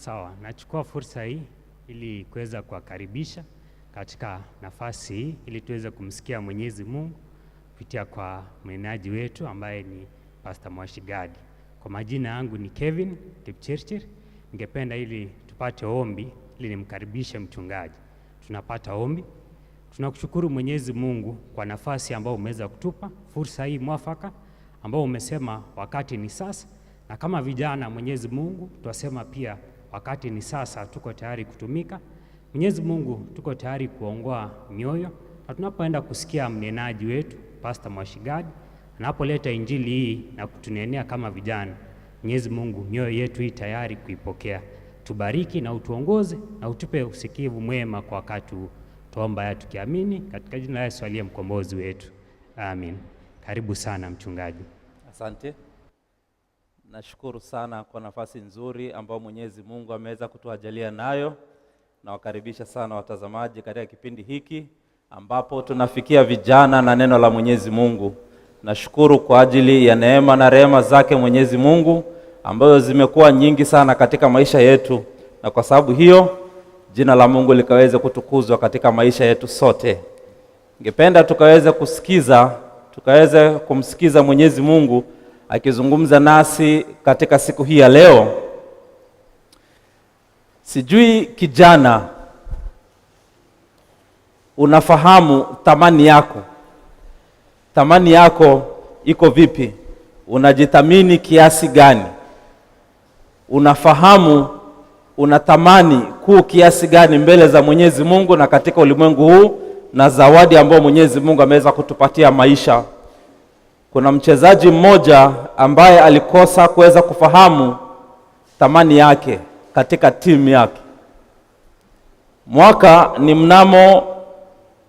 Sawa, nachukua fursa hii ili kuweza kuwakaribisha katika nafasi hii ili tuweze kumsikia Mwenyezi Mungu kupitia kwa mwenaji wetu ambaye ni Pastor Mwashigadi. Kwa majina yangu ni Kevin Kipchirchir. Ningependa ili tupate ombi ili nimkaribishe mchungaji. Tunapata ombi. Tunakushukuru Mwenyezi Mungu kwa nafasi ambayo umeweza kutupa, fursa hii mwafaka ambayo umesema wakati ni sasa, na kama vijana Mwenyezi Mungu twasema pia wakati ni sasa, tuko tayari kutumika. Mwenyezi Mungu, tuko tayari kuongoa mioyo, na tunapoenda kusikia mnenaji wetu Pastor Mwashigadi anapoleta injili hii na kutunenea kama vijana, Mwenyezi Mungu, mioyo yetu hii tayari kuipokea. Tubariki na utuongoze na utupe usikivu mwema kwa wakati huu. Tuomba haya tukiamini katika jina la Yesu aliye mkombozi wetu, amin. Karibu sana mchungaji. Asante. Nashukuru sana kwa nafasi nzuri ambayo Mwenyezi Mungu ameweza kutuajalia nayo. Nawakaribisha sana watazamaji katika kipindi hiki ambapo tunafikia vijana na neno la Mwenyezi Mungu. Nashukuru kwa ajili ya neema na rehema zake Mwenyezi Mungu ambazo zimekuwa nyingi sana katika maisha yetu, na kwa sababu hiyo jina la Mungu likaweze kutukuzwa katika maisha yetu sote. Ningependa tukaweze kusikiza, tukaweze kumsikiza Mwenyezi Mungu akizungumza nasi katika siku hii ya leo. Sijui kijana, unafahamu thamani yako? Thamani yako iko vipi? Unajithamini kiasi gani? Unafahamu unathamani kuu kiasi gani mbele za Mwenyezi Mungu na katika ulimwengu huu na zawadi ambayo Mwenyezi Mungu ameweza kutupatia maisha kuna mchezaji mmoja ambaye alikosa kuweza kufahamu thamani yake katika timu yake. Mwaka ni mnamo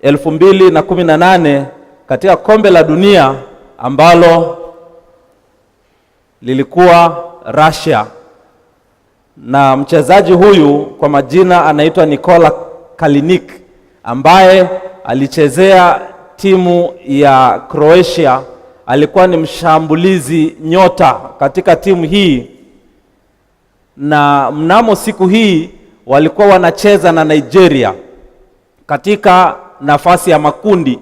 elfu mbili na kumi na nane katika kombe la dunia ambalo lilikuwa Russia, na mchezaji huyu kwa majina anaitwa Nikola Kalinic ambaye alichezea timu ya Croatia alikuwa ni mshambulizi nyota katika timu hii, na mnamo siku hii walikuwa wanacheza na Nigeria katika nafasi ya makundi.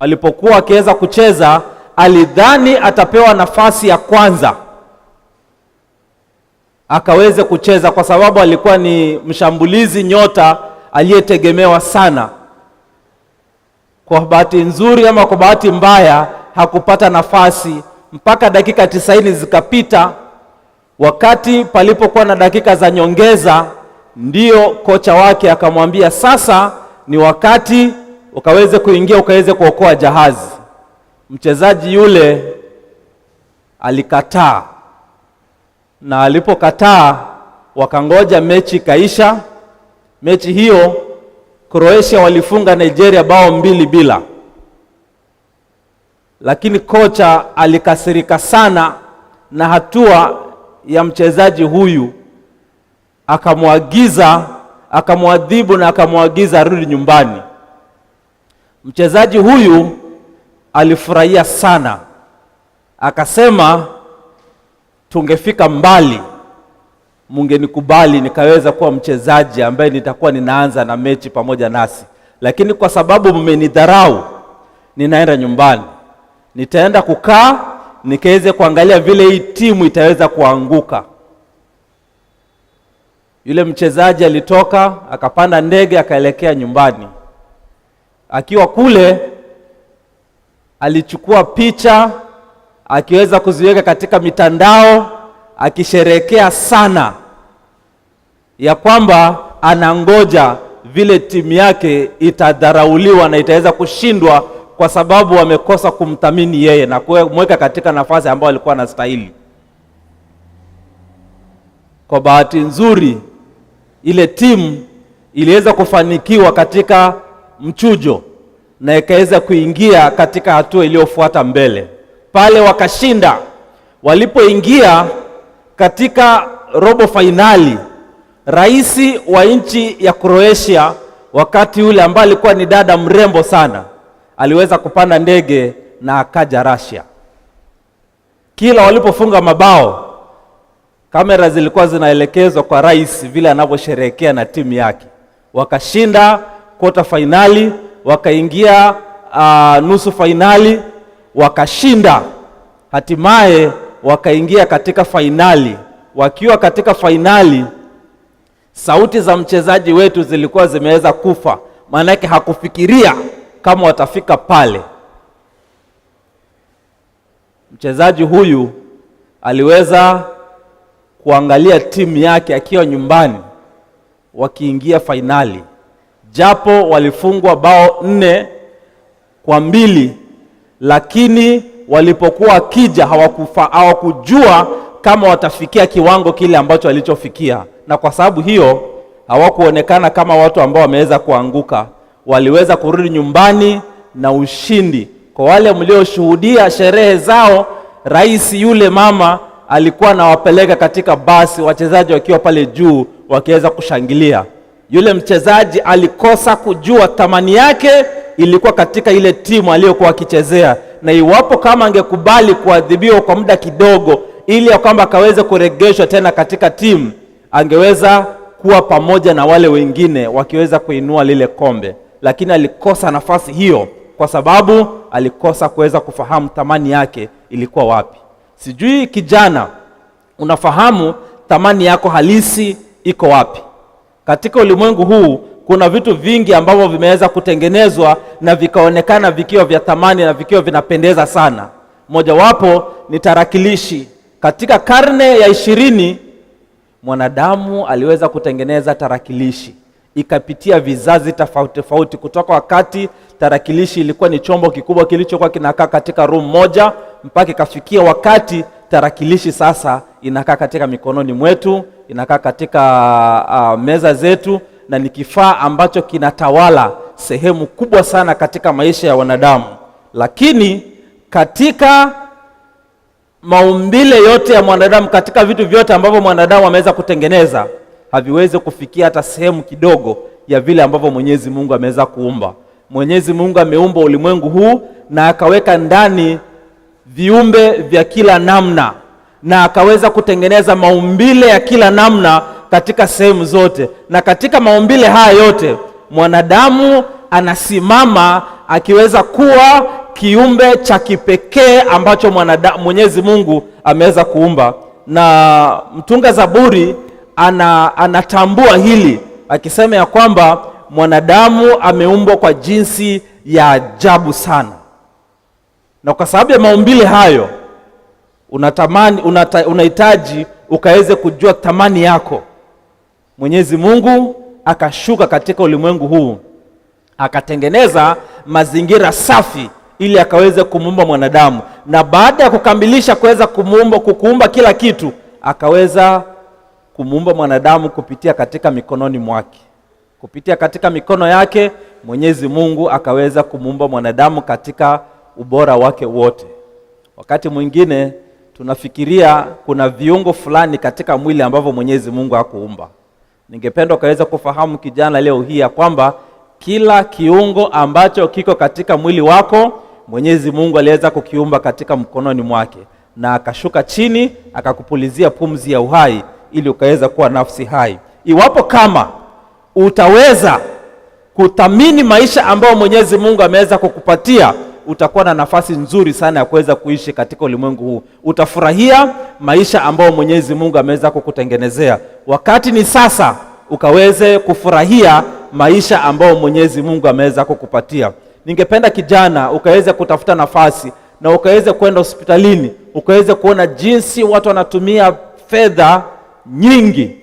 walipokuwa akiweza kucheza, alidhani atapewa nafasi ya kwanza akaweze kucheza, kwa sababu alikuwa ni mshambulizi nyota aliyetegemewa sana. Kwa bahati nzuri ama kwa bahati mbaya hakupata nafasi mpaka dakika tisaini zikapita. Wakati palipokuwa na dakika za nyongeza, ndio kocha wake akamwambia sasa ni wakati ukaweze kuingia ukaweze kuokoa jahazi. Mchezaji yule alikataa, na alipokataa wakangoja mechi ikaisha. Mechi hiyo Croatia walifunga Nigeria bao mbili bila lakini kocha alikasirika sana na hatua ya mchezaji huyu, akamwagiza akamwadhibu na akamwagiza arudi nyumbani. Mchezaji huyu alifurahia sana, akasema tungefika mbali mungenikubali nikaweza kuwa mchezaji ambaye nitakuwa ninaanza na mechi pamoja nasi, lakini kwa sababu mmenidharau, ninaenda nyumbani nitaenda kukaa nikaweze kuangalia vile hii timu itaweza kuanguka. Yule mchezaji alitoka akapanda ndege akaelekea nyumbani. Akiwa kule alichukua picha akiweza kuziweka katika mitandao akisherekea sana ya kwamba anangoja vile timu yake itadharauliwa na itaweza kushindwa kwa sababu wamekosa kumthamini yeye na kumweka katika nafasi ambayo alikuwa anastahili. Kwa bahati nzuri, ile timu iliweza kufanikiwa katika mchujo na ikaweza kuingia katika hatua iliyofuata mbele pale, wakashinda. Walipoingia katika robo fainali, rais wa nchi ya Croatia wakati ule ambaye alikuwa ni dada mrembo sana aliweza kupanda ndege na akaja Russia. Kila walipofunga mabao, kamera zilikuwa zinaelekezwa kwa rais vile anavyosherehekea na timu yake. Wakashinda quarter finali, wakaingia uh, nusu fainali, wakashinda, hatimaye wakaingia katika fainali. Wakiwa katika fainali, sauti za mchezaji wetu zilikuwa zimeweza kufa, maanake hakufikiria kama watafika pale, mchezaji huyu aliweza kuangalia timu yake akiwa nyumbani wakiingia fainali, japo walifungwa bao nne kwa mbili, lakini walipokuwa wakija hawakufa hawakujua kama watafikia kiwango kile ambacho walichofikia, na kwa sababu hiyo hawakuonekana kama watu ambao wameweza kuanguka waliweza kurudi nyumbani na ushindi. Kwa wale mlioshuhudia sherehe zao, rais yule mama alikuwa anawapeleka katika basi, wachezaji wakiwa pale juu wakiweza kushangilia. Yule mchezaji alikosa kujua thamani yake ilikuwa katika ile timu aliyokuwa akichezea, na iwapo kama angekubali kuadhibiwa kwa muda kidogo, ili ya kwamba akaweze kuregeshwa tena katika timu, angeweza kuwa pamoja na wale wengine wakiweza kuinua lile kombe lakini alikosa nafasi hiyo kwa sababu alikosa kuweza kufahamu thamani yake ilikuwa wapi. Sijui kijana, unafahamu thamani yako halisi iko wapi? Katika ulimwengu huu kuna vitu vingi ambavyo vimeweza kutengenezwa na vikaonekana vikiwa vya thamani na vikiwa vinapendeza sana. Mojawapo ni tarakilishi. Katika karne ya ishirini mwanadamu aliweza kutengeneza tarakilishi ikapitia vizazi tofauti tofauti, kutoka wakati tarakilishi ilikuwa ni chombo kikubwa kilichokuwa kinakaa katika room moja, mpaka ikafikia wakati tarakilishi sasa inakaa katika mikononi mwetu, inakaa katika uh, meza zetu, na ni kifaa ambacho kinatawala sehemu kubwa sana katika maisha ya wanadamu. Lakini katika maumbile yote ya mwanadamu, katika vitu vyote ambavyo mwanadamu ameweza kutengeneza haviwezi kufikia hata sehemu kidogo ya vile ambavyo Mwenyezi Mungu ameweza kuumba. Mwenyezi Mungu ameumba ulimwengu huu na akaweka ndani viumbe vya kila namna na akaweza kutengeneza maumbile ya kila namna katika sehemu zote, na katika maumbile haya yote mwanadamu anasimama akiweza kuwa kiumbe cha kipekee ambacho mwanadamu Mwenyezi Mungu ameweza kuumba. Na mtunga Zaburi ana, anatambua hili akisema ya kwamba mwanadamu ameumbwa kwa jinsi ya ajabu sana, na kwa sababu ya maumbile hayo unatamani unata, unahitaji ukaweze kujua thamani yako. Mwenyezi Mungu akashuka katika ulimwengu huu akatengeneza mazingira safi ili akaweze kumuumba mwanadamu, na baada ya kukamilisha kuweza kumuumba kukuumba kila kitu akaweza kumuumba mwanadamu kupitia katika mikononi mwake, kupitia katika mikono yake Mwenyezi Mungu akaweza kumuumba mwanadamu katika ubora wake wote. Wakati mwingine tunafikiria kuna viungo fulani katika mwili ambavyo Mwenyezi Mungu hakuumba. Ningependa ukaweza kufahamu kijana leo hii ya kwamba kila kiungo ambacho kiko katika mwili wako Mwenyezi Mungu aliweza kukiumba katika mkononi mwake, na akashuka chini akakupulizia pumzi ya uhai ili ukaweza kuwa nafsi hai. Iwapo kama utaweza kuthamini maisha ambayo Mwenyezi Mungu ameweza kukupatia, utakuwa na nafasi nzuri sana ya kuweza kuishi katika ulimwengu huu. Utafurahia maisha ambayo Mwenyezi Mungu ameweza kukutengenezea. Wakati ni sasa, ukaweze kufurahia maisha ambayo Mwenyezi Mungu ameweza kukupatia. Ningependa kijana, ukaweze kutafuta nafasi na ukaweze kwenda hospitalini, ukaweze kuona jinsi watu wanatumia fedha nyingi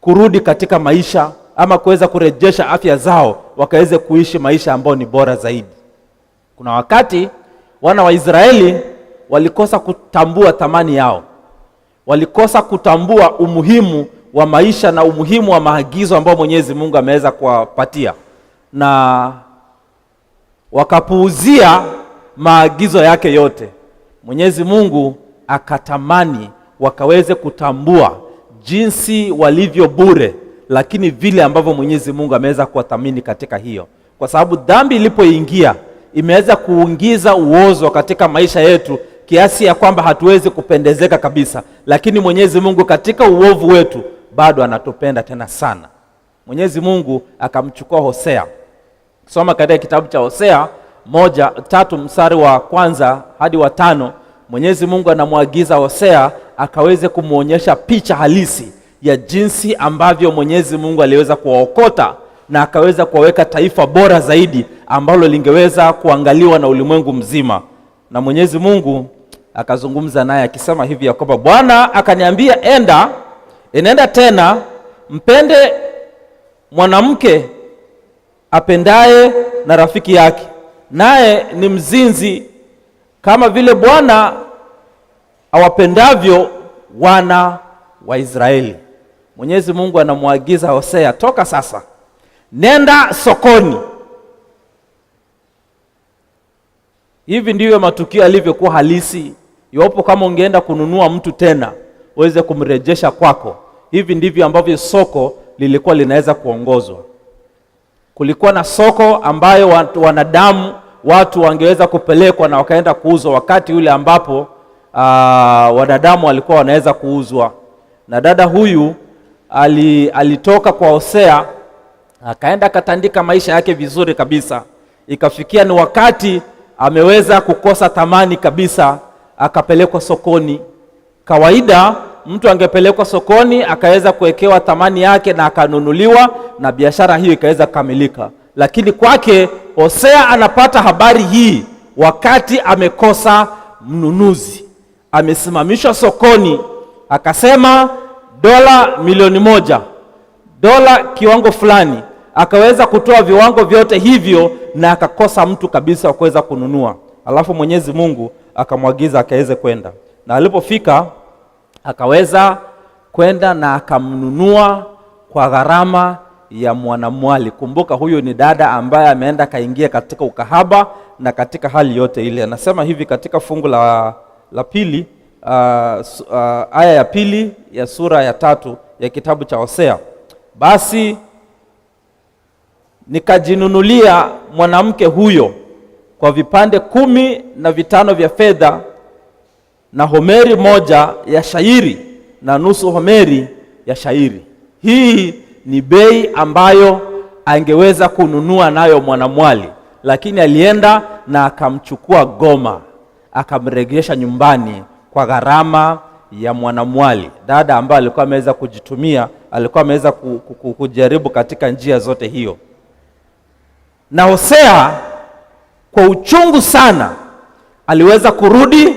kurudi katika maisha ama kuweza kurejesha afya zao wakaweze kuishi maisha ambayo ni bora zaidi. Kuna wakati wana wa Israeli walikosa kutambua thamani yao, walikosa kutambua umuhimu wa maisha na umuhimu wa maagizo ambayo Mwenyezi Mungu ameweza kuwapatia na wakapuuzia maagizo yake yote. Mwenyezi Mungu akatamani wakaweze kutambua jinsi walivyo bure, lakini vile ambavyo Mwenyezi Mungu ameweza kuwathamini katika hiyo, kwa sababu dhambi ilipoingia imeweza kuingiza uozo katika maisha yetu kiasi ya kwamba hatuwezi kupendezeka kabisa, lakini Mwenyezi Mungu katika uovu wetu bado anatupenda tena sana. Mwenyezi Mungu akamchukua Hosea. Soma katika kitabu cha Hosea moja tatu mstari wa kwanza hadi wa tano Mwenyezi Mungu anamwagiza Hosea akaweze kumwonyesha picha halisi ya jinsi ambavyo Mwenyezi Mungu aliweza kuwaokota na akaweza kuwaweka taifa bora zaidi ambalo lingeweza kuangaliwa na ulimwengu mzima. Na Mwenyezi Mungu akazungumza naye akisema hivi ya kwamba Bwana akaniambia, enda inaenda tena mpende mwanamke apendaye na rafiki yake, naye ni mzinzi kama vile Bwana awapendavyo wana wa Israeli. Mwenyezi Mungu anamwagiza Hosea, toka sasa, nenda sokoni. Hivi ndivyo matukio yalivyokuwa halisi. Iwapo kama ungeenda kununua mtu tena uweze kumrejesha kwako, hivi ndivyo ambavyo soko lilikuwa linaweza kuongozwa. Kulikuwa na soko ambayo wanadamu, watu wangeweza kupelekwa na wakaenda kuuzwa, wakati ule ambapo Ah, wanadamu walikuwa wanaweza kuuzwa, na dada huyu ali, alitoka kwa Hosea akaenda akatandika maisha yake vizuri kabisa, ikafikia ni wakati ameweza kukosa thamani kabisa, akapelekwa sokoni. Kawaida mtu angepelekwa sokoni akaweza kuwekewa thamani yake na akanunuliwa na biashara hiyo ikaweza kukamilika, lakini kwake Hosea anapata habari hii wakati amekosa mnunuzi amesimamishwa sokoni, akasema dola milioni moja, dola kiwango fulani, akaweza kutoa viwango vyote hivyo na akakosa mtu kabisa wa kuweza kununua. Alafu Mwenyezi Mungu akamwagiza akaweze kwenda, na alipofika akaweza kwenda na akamnunua kwa gharama ya mwanamwali. Kumbuka huyu ni dada ambaye ameenda akaingia katika ukahaba na katika hali yote ile. Anasema hivi katika fungu la la pili uh, uh, aya ya pili ya sura ya tatu ya kitabu cha Hosea, basi nikajinunulia mwanamke huyo kwa vipande kumi na vitano vya fedha na homeri moja ya shairi na nusu homeri ya shairi. Hii ni bei ambayo angeweza kununua nayo mwanamwali, lakini alienda na akamchukua Goma akamregesha nyumbani kwa gharama ya mwanamwali dada ambaye alikuwa ameweza kujitumia, alikuwa ameweza kujaribu katika njia zote hiyo. Na Hosea kwa uchungu sana aliweza kurudi,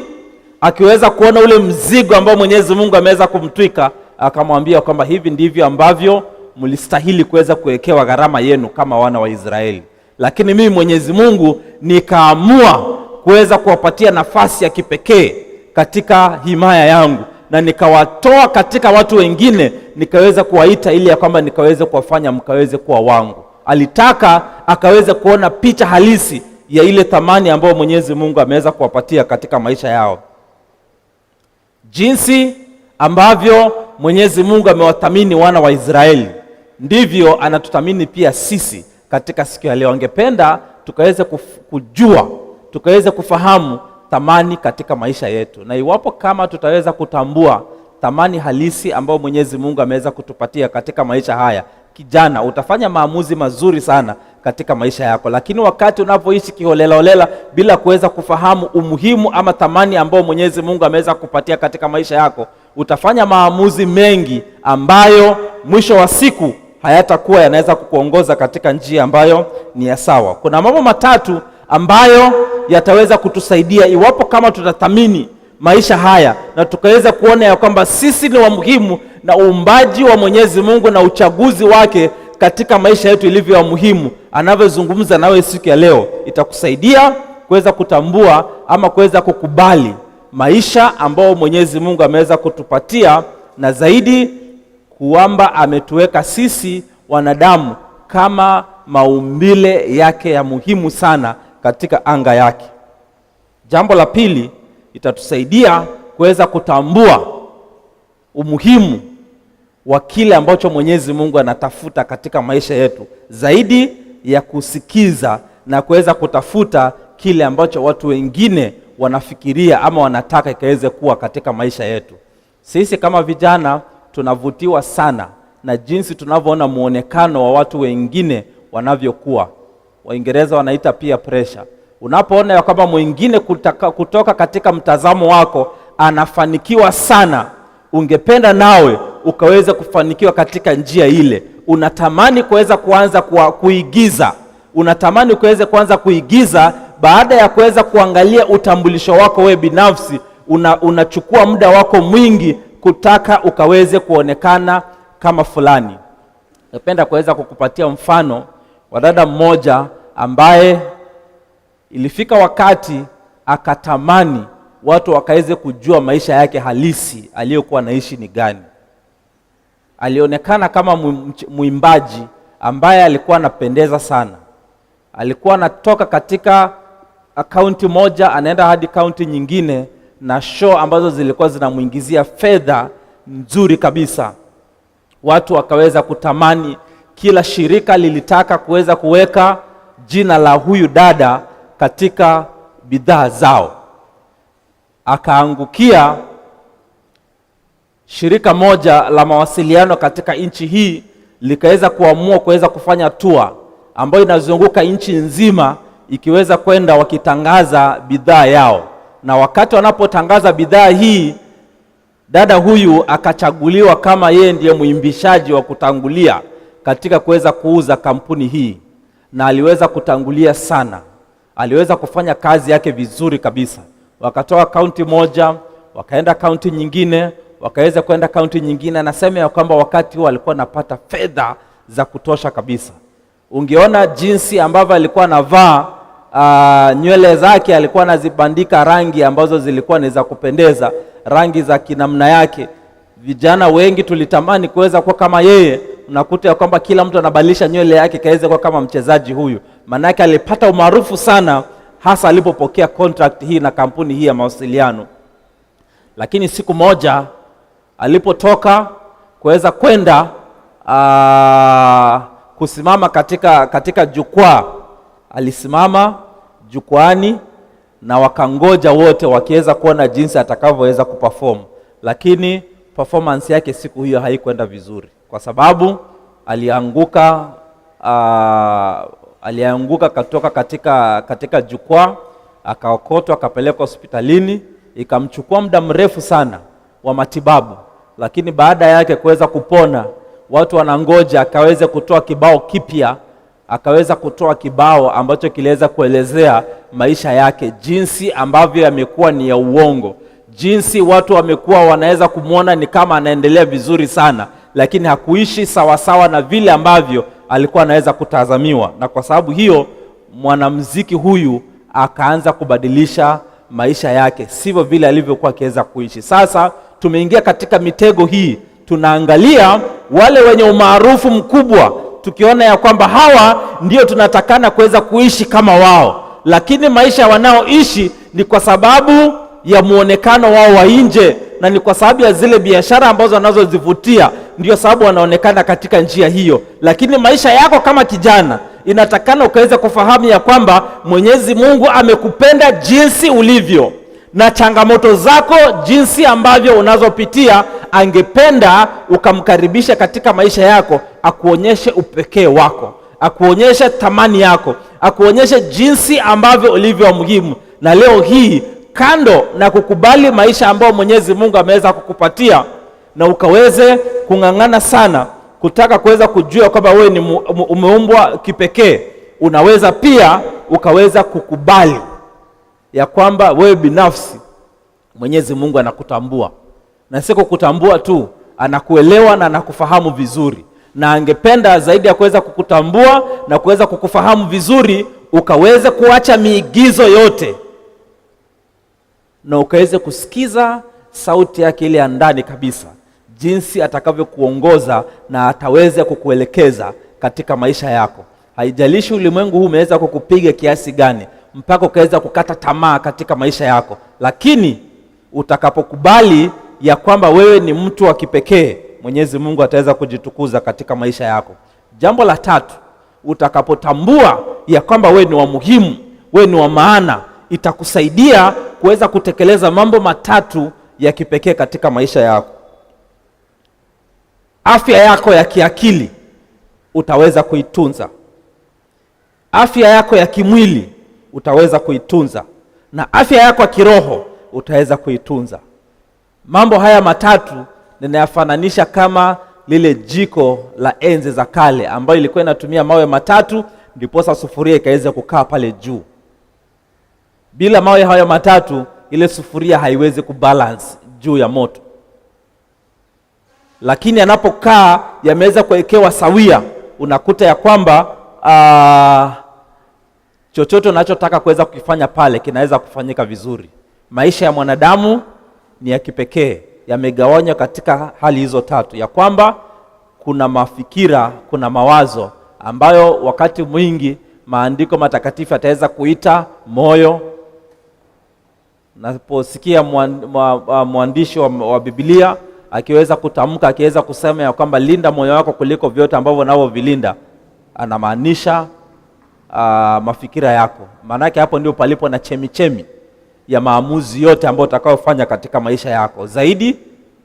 akiweza kuona ule mzigo ambao Mwenyezi Mungu ameweza kumtwika, akamwambia kwamba hivi ndivyo ambavyo mlistahili kuweza kuwekewa gharama yenu kama wana wa Israeli, lakini mimi Mwenyezi Mungu nikaamua kuweza kuwapatia nafasi ya kipekee katika himaya yangu na nikawatoa katika watu wengine nikaweza kuwaita ili ya kwamba nikaweze kuwafanya mkaweze kuwa wangu. Alitaka akaweze kuona picha halisi ya ile thamani ambayo Mwenyezi Mungu ameweza kuwapatia katika maisha yao, jinsi ambavyo Mwenyezi Mungu amewathamini wana wa Israeli, ndivyo anatuthamini pia sisi katika siku ya leo. Angependa tukaweze kujua tukaweza kufahamu thamani katika maisha yetu, na iwapo kama tutaweza kutambua thamani halisi ambayo Mwenyezi Mungu ameweza kutupatia katika maisha haya, kijana, utafanya maamuzi mazuri sana katika maisha yako. Lakini wakati unapoishi kiholelaholela bila kuweza kufahamu umuhimu ama thamani ambayo Mwenyezi Mungu ameweza kupatia katika maisha yako, utafanya maamuzi mengi ambayo mwisho wa siku hayatakuwa yanaweza kukuongoza katika njia ambayo ni ya sawa. Kuna mambo matatu ambayo yataweza kutusaidia iwapo kama tutathamini maisha haya na tukaweza kuona ya kwamba sisi ni wa muhimu na uumbaji wa Mwenyezi Mungu na uchaguzi wake katika maisha yetu ilivyo ya muhimu, anavyozungumza nawe siku ya leo, itakusaidia kuweza kutambua ama kuweza kukubali maisha ambayo Mwenyezi Mungu ameweza kutupatia, na zaidi kuamba ametuweka sisi wanadamu kama maumbile yake ya muhimu sana katika anga yake. Jambo la pili, itatusaidia kuweza kutambua umuhimu wa kile ambacho Mwenyezi Mungu anatafuta katika maisha yetu, zaidi ya kusikiza na kuweza kutafuta kile ambacho watu wengine wanafikiria ama wanataka ikaweze kuwa katika maisha yetu. Sisi kama vijana tunavutiwa sana na jinsi tunavyoona muonekano wa watu wengine wanavyokuwa Waingereza wanaita pia pressure. Unapoona ya kwamba mwingine kutaka, kutoka katika mtazamo wako anafanikiwa sana, ungependa nawe ukaweza kufanikiwa katika njia ile, unatamani kuweza kuanza kwa kuigiza, unatamani kuweza kuanza kuigiza. Baada ya kuweza kuangalia utambulisho wako we binafsi, una, unachukua muda wako mwingi kutaka ukaweze kuonekana kama fulani. Napenda kuweza kukupatia mfano wa dada mmoja ambaye ilifika wakati akatamani watu wakaweze kujua maisha yake halisi aliyokuwa anaishi ni gani. Alionekana kama mwimbaji ambaye alikuwa anapendeza sana, alikuwa anatoka katika kaunti moja anaenda hadi kaunti nyingine, na show ambazo zilikuwa zinamwingizia fedha nzuri kabisa. Watu wakaweza kutamani, kila shirika lilitaka kuweza kuweka jina la huyu dada katika bidhaa zao, akaangukia shirika moja la mawasiliano katika nchi hii likaweza kuamua kuweza kufanya tua ambayo inazunguka nchi nzima, ikiweza kwenda wakitangaza bidhaa yao. Na wakati wanapotangaza bidhaa hii, dada huyu akachaguliwa kama yeye ndiye mwimbishaji wa kutangulia katika kuweza kuuza kampuni hii na aliweza kutangulia sana, aliweza kufanya kazi yake vizuri kabisa. Wakatoa kaunti moja wakaenda kaunti nyingine, wakaweza kwenda kaunti nyingine. Anasema ya kwamba wakati huo alikuwa anapata fedha za kutosha kabisa. Ungeona jinsi ambavyo alikuwa anavaa Uh, nywele zake alikuwa anazibandika rangi ambazo zilikuwa ni za kupendeza, rangi za kinamna yake. Vijana wengi tulitamani kuweza kuwa kama yeye, unakuta ya kwamba kila mtu anabadilisha nywele yake kaweze kuwa kama mchezaji huyu, yake alipata umaarufu sana, hasa alipopokea contract hii na kampuni hii ya mawasiliano. Lakini siku moja alipotoka kuweza kwenda ah, kusimama katika, katika jukwaa, alisimama jukwaani na wakangoja wote wakiweza kuona jinsi atakavyoweza kuperform, lakini performance yake siku hiyo haikwenda vizuri kwa sababu alianguka uh, alianguka kutoka katika, katika jukwaa akaokotwa akapelekwa hospitalini. Ikamchukua muda mrefu sana wa matibabu, lakini baada yake kuweza kupona watu wanangoja akaweze kutoa kibao kipya, akaweza kutoa kibao ambacho kiliweza kuelezea maisha yake jinsi ambavyo yamekuwa ni ya uongo jinsi watu wamekuwa wanaweza kumwona ni kama anaendelea vizuri sana, lakini hakuishi sawasawa na vile ambavyo alikuwa anaweza kutazamiwa, na kwa sababu hiyo mwanamuziki huyu akaanza kubadilisha maisha yake, sivyo vile alivyokuwa akiweza kuishi. Sasa tumeingia katika mitego hii, tunaangalia wale wenye umaarufu mkubwa, tukiona ya kwamba hawa ndio tunatakana kuweza kuishi kama wao, lakini maisha wanaoishi ni kwa sababu ya muonekano wao wa nje, na ni kwa sababu ya zile biashara ambazo wanazozivutia, ndio sababu wanaonekana katika njia hiyo. Lakini maisha yako kama kijana, inatakana ukaweza kufahamu ya kwamba Mwenyezi Mungu amekupenda jinsi ulivyo na changamoto zako jinsi ambavyo unazopitia, angependa ukamkaribisha katika maisha yako, akuonyeshe upekee wako, akuonyeshe thamani yako, akuonyeshe jinsi ambavyo ulivyo muhimu. Na leo hii kando na kukubali maisha ambayo Mwenyezi Mungu ameweza kukupatia, na ukaweze kung'ang'ana sana kutaka kuweza kujua kwamba wewe ni umeumbwa kipekee. Unaweza pia ukaweza kukubali ya kwamba wewe binafsi Mwenyezi Mungu anakutambua na si kukutambua tu, anakuelewa na anakufahamu vizuri, na angependa zaidi ya kuweza kukutambua na kuweza kukufahamu vizuri, ukaweze kuacha miigizo yote na ukaweze kusikiza sauti yake ile ya ndani kabisa, jinsi atakavyokuongoza na ataweza kukuelekeza katika maisha yako. Haijalishi ulimwengu huu umeweza kukupiga kiasi gani mpaka ukaweza kukata tamaa katika maisha yako, lakini utakapokubali ya kwamba wewe ni mtu wa kipekee, Mwenyezi Mungu ataweza kujitukuza katika maisha yako. Jambo la tatu, utakapotambua ya kwamba wewe ni wa muhimu, wewe ni wa maana, itakusaidia kuweza kutekeleza mambo matatu ya kipekee katika maisha yako. Afya yako ya kiakili utaweza kuitunza, afya yako ya kimwili utaweza kuitunza, na afya yako ya kiroho utaweza kuitunza. Mambo haya matatu ninayafananisha kama lile jiko la enzi za kale ambayo ilikuwa inatumia mawe matatu ndiposa sufuria ikaweza kukaa pale juu. Bila mawe hayo matatu, ile sufuria haiwezi kubalance juu ya moto, lakini anapokaa yameweza kuwekewa sawia, unakuta ya kwamba uh, chochote unachotaka kuweza kukifanya pale kinaweza kufanyika vizuri. Maisha ya mwanadamu ni ya kipekee, yamegawanywa katika hali hizo tatu, ya kwamba kuna mafikira, kuna mawazo ambayo wakati mwingi maandiko matakatifu yataweza kuita moyo Naposikia mwandishi wa Biblia akiweza kutamka, akiweza kusema ya kwamba linda moyo wako kuliko vyote ambavyo unavyovilinda, anamaanisha uh, mafikira yako. yake hapo ndio palipo na chemichemi ya maamuzi yote ambayo utakayofanya katika maisha yako, zaidi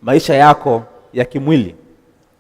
maisha yako ya kimwili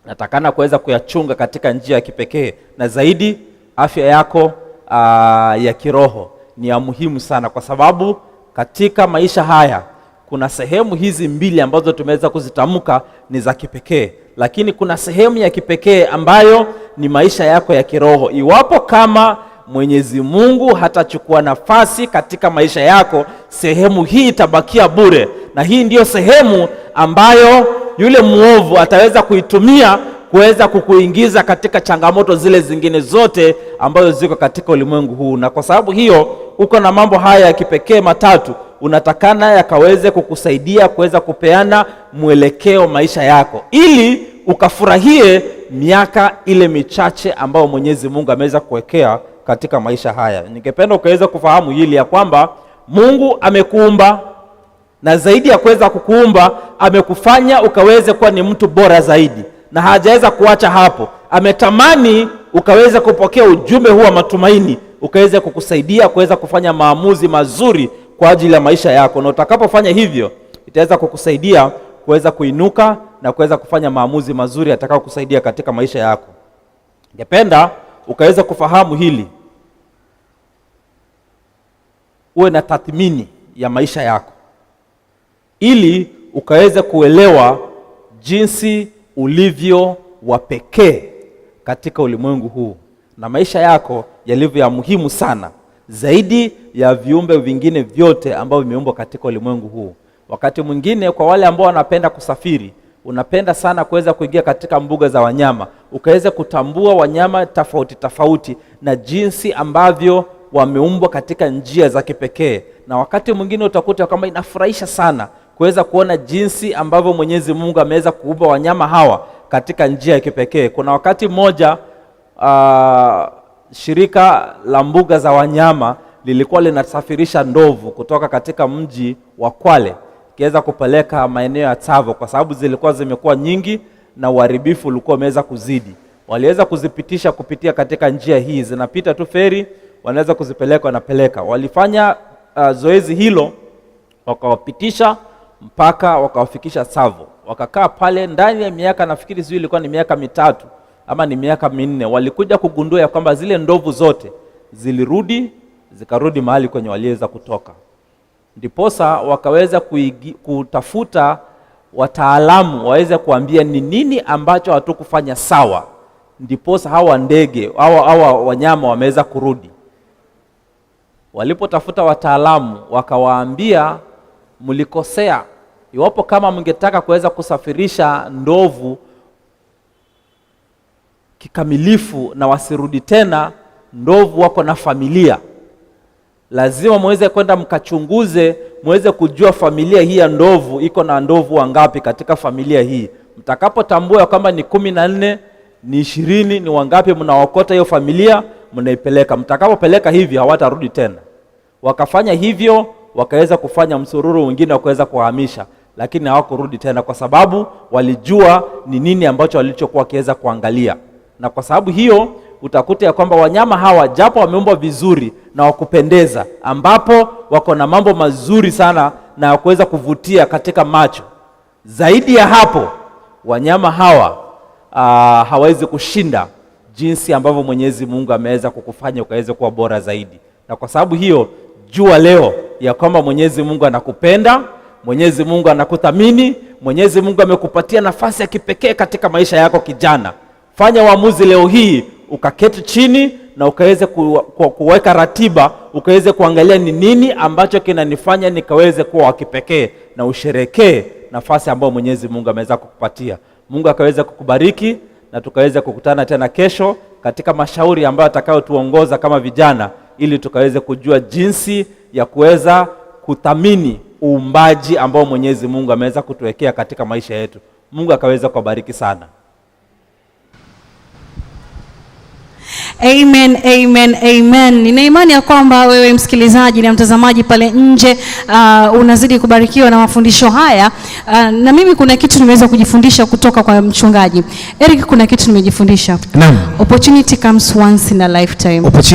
natakana kuweza kuyachunga katika njia ya kipekee, na zaidi afya yako uh, ya kiroho ni ya muhimu sana kwa sababu katika maisha haya kuna sehemu hizi mbili ambazo tumeweza kuzitamka ni za kipekee, lakini kuna sehemu ya kipekee ambayo ni maisha yako ya kiroho. Iwapo kama Mwenyezi Mungu hatachukua nafasi katika maisha yako, sehemu hii itabakia bure, na hii ndiyo sehemu ambayo yule mwovu ataweza kuitumia kuweza kukuingiza katika changamoto zile zingine zote ambazo ziko katika ulimwengu huu, na kwa sababu hiyo uko na mambo haya ya kipekee matatu, unatakana yakaweze kukusaidia kuweza kupeana mwelekeo maisha yako, ili ukafurahie miaka ile michache ambayo Mwenyezi Mungu ameweza kuwekea katika maisha haya. Ningependa ukaweza kufahamu hili ya kwamba Mungu amekuumba na zaidi ya kuweza kukuumba amekufanya ukaweze kuwa ni mtu bora zaidi, na hajaweza kuacha hapo. Ametamani ukaweze kupokea ujumbe huu wa matumaini ukaweze kukusaidia kuweza kufanya maamuzi mazuri kwa ajili ya maisha yako, na utakapofanya hivyo itaweza kukusaidia kuweza kuinuka na kuweza kufanya maamuzi mazuri atakayokusaidia katika maisha yako. Ningependa ukaweza kufahamu hili, uwe na tathmini ya maisha yako ili ukaweze kuelewa jinsi ulivyo wa pekee katika ulimwengu huu na maisha yako yalivyo ya muhimu sana zaidi ya viumbe vingine vyote ambavyo vimeumbwa katika ulimwengu huu. Wakati mwingine kwa wale ambao wanapenda kusafiri, unapenda sana kuweza kuingia katika mbuga za wanyama, ukaweza kutambua wanyama tofauti tofauti na jinsi ambavyo wameumbwa katika njia za kipekee, na wakati mwingine utakuta kwamba inafurahisha sana kuweza kuona jinsi ambavyo Mwenyezi Mungu ameweza kuumba wanyama hawa katika njia ya kipekee. Kuna wakati mmoja uh, shirika la mbuga za wanyama lilikuwa linasafirisha ndovu kutoka katika mji wa Kwale ikiweza kupeleka maeneo ya Tsavo kwa sababu zilikuwa zimekuwa nyingi na uharibifu ulikuwa umeweza kuzidi. Waliweza kuzipitisha kupitia katika njia hii, zinapita tu feri, wanaweza kuzipeleka, wanapeleka. Walifanya uh, zoezi hilo, wakawapitisha mpaka wakawafikisha Tsavo, wakakaa pale ndani ya miaka, nafikiri sijui ilikuwa ni miaka mitatu ama ni miaka minne, walikuja kugundua ya kwamba zile ndovu zote zilirudi zikarudi mahali kwenye waliweza kutoka, ndiposa wakaweza kuigi, kutafuta wataalamu waweze kuambia ni nini ambacho hatukufanya sawa, ndiposa hawa ndege hawa, hawa wanyama wameweza kurudi. Walipotafuta wataalamu wakawaambia, mlikosea. Iwapo kama mngetaka kuweza kusafirisha ndovu kikamilifu na wasirudi tena. Ndovu wako na familia, lazima muweze kwenda mkachunguze, muweze kujua familia hii ya ndovu iko na ndovu wangapi katika familia hii. Mtakapotambua kwamba ni kumi na nne ni ishirini ni wangapi, mnaokota hiyo familia mnaipeleka. Mtakapopeleka hivyo hawatarudi tena. Wakafanya hivyo, wakaweza kufanya msururu mwingine wakaweza kuhamisha, lakini hawakurudi tena, kwa sababu walijua ni nini ambacho walichokuwa wakiweza kuangalia na kwa sababu hiyo utakuta ya kwamba wanyama hawa japo wameumbwa vizuri na wakupendeza, ambapo wako na mambo mazuri sana na ya kuweza kuvutia katika macho. Zaidi ya hapo, wanyama hawa aa, ah, hawawezi kushinda jinsi ambavyo Mwenyezi Mungu ameweza kukufanya ukaweze kuwa bora zaidi, na kwa sababu hiyo jua leo ya kwamba Mwenyezi Mungu anakupenda, Mwenyezi Mungu anakuthamini, Mwenyezi Mungu amekupatia nafasi ya kipekee katika maisha yako kijana Fanya uamuzi leo hii, ukaketi chini na ukaweze kuweka ratiba, ukaweze kuangalia ni nini ambacho kinanifanya nikaweze kuwa wa kipekee, na usherekee nafasi ambayo Mwenyezi Mungu ameweza kukupatia. Mungu akaweze kukubariki na tukaweze kukutana tena kesho katika mashauri ambayo atakayotuongoza kama vijana, ili tukaweze kujua jinsi ya kuweza kuthamini uumbaji ambao Mwenyezi Mungu ameweza kutuwekea katika maisha yetu. Mungu akaweza kubariki sana. Amen, amen, amen. Nina imani ya kwamba wewe msikilizaji na mtazamaji pale nje uh, unazidi kubarikiwa na mafundisho haya uh, na mimi kuna kitu nimeweza kujifundisha kutoka kwa mchungaji Eric, kuna kitu nimejifundisha. Naam. Opportunity comes once in a lifetime. Opportunity